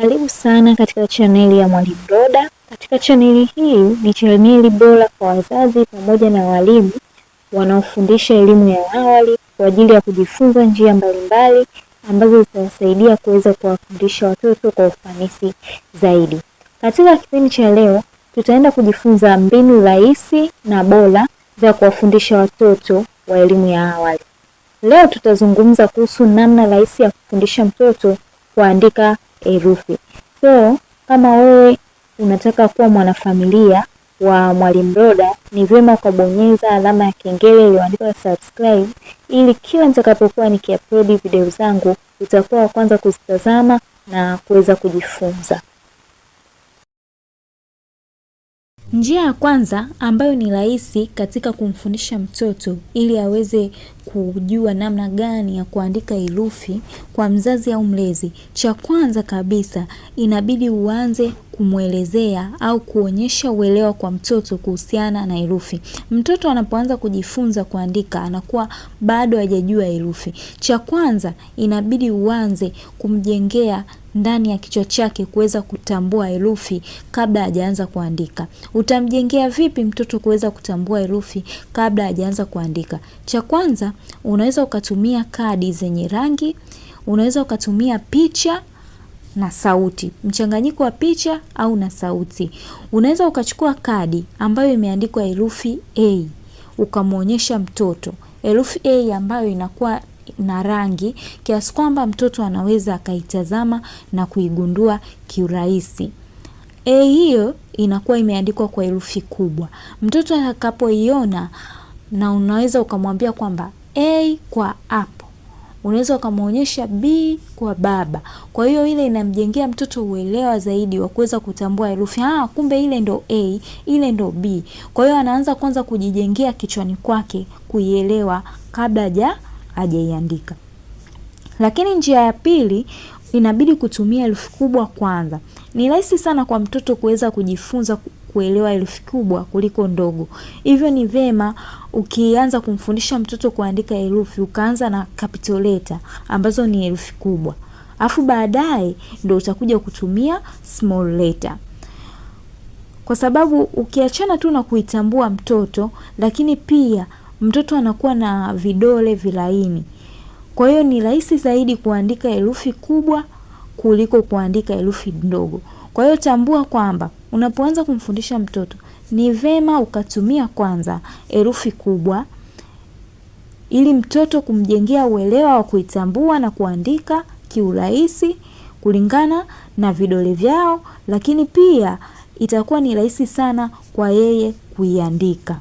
Karibu sana katika chaneli ya Mwalimu Roda. Katika chaneli hii ni chaneli bora kwa wazazi pamoja na walimu wanaofundisha elimu ya awali kwa ajili ya kujifunza njia mbalimbali ambazo zitawasaidia kuweza kuwafundisha watoto kwa ufanisi zaidi. Katika kipindi cha leo, tutaenda kujifunza mbinu rahisi na bora za kuwafundisha watoto wa elimu ya awali. Leo tutazungumza kuhusu namna rahisi ya kufundisha mtoto kuandika herufi. So kama wewe unataka kuwa mwanafamilia wa Mwalimu Roda, ni vyema ukabonyeza alama ya kengele iliyoandikwa subscribe, ili kila nitakapokuwa nikiupload video zangu utakuwa wa kwanza kuzitazama na kuweza kujifunza. Njia ya kwanza ambayo ni rahisi katika kumfundisha mtoto ili aweze kujua namna gani ya kuandika herufi kwa mzazi au mlezi, cha kwanza kabisa inabidi uanze kumwelezea au kuonyesha uelewa kwa mtoto kuhusiana na herufi. Mtoto anapoanza kujifunza kuandika anakuwa bado hajajua herufi. Cha kwanza inabidi uanze kumjengea ndani ya kichwa chake kuweza kutambua herufi kabla hajaanza kuandika? Utamjengea vipi mtoto kuweza kutambua herufi kabla hajaanza kuandika? Cha kwanza, unaweza ukatumia kadi zenye rangi, unaweza ukatumia picha na sauti, mchanganyiko wa picha au na sauti. Unaweza ukachukua kadi ambayo imeandikwa herufi A ukamwonyesha mtoto herufi A ambayo inakuwa na rangi kiasi kwamba mtoto anaweza akaitazama na kuigundua kiurahisi. E hiyo inakuwa imeandikwa kwa herufi kubwa, mtoto atakapoiona, na unaweza ukamwambia kwamba A kwa apple, unaweza ukamwonyesha B kwa baba. Kwa hiyo ile inamjengea mtoto uelewa zaidi wa kuweza kutambua herufi, ah, kumbe ile ndo A, ile ndo B. Kwa hiyo anaanza kwanza kujijengea kichwani kwake kuielewa kabla ja hajaiandika. Lakini njia ya pili inabidi kutumia herufi kubwa kwanza. Ni rahisi sana kwa mtoto kuweza kujifunza kuelewa herufi kubwa kuliko ndogo. Hivyo ni vema ukianza kumfundisha mtoto kuandika herufi ukaanza na capital letter ambazo ni herufi kubwa. Alafu baadaye ndo utakuja kutumia small letter. Kwa sababu ukiachana tu na kuitambua mtoto lakini pia mtoto anakuwa na vidole vilaini. Kwa hiyo ni rahisi zaidi kuandika herufi kubwa kuliko kuandika herufi ndogo. Kwa hiyo tambua kwamba unapoanza kumfundisha mtoto ni vema ukatumia kwanza herufi kubwa ili mtoto kumjengea uelewa wa kuitambua na kuandika kiurahisi kulingana na vidole vyao, lakini pia itakuwa ni rahisi sana kwa yeye kuiandika.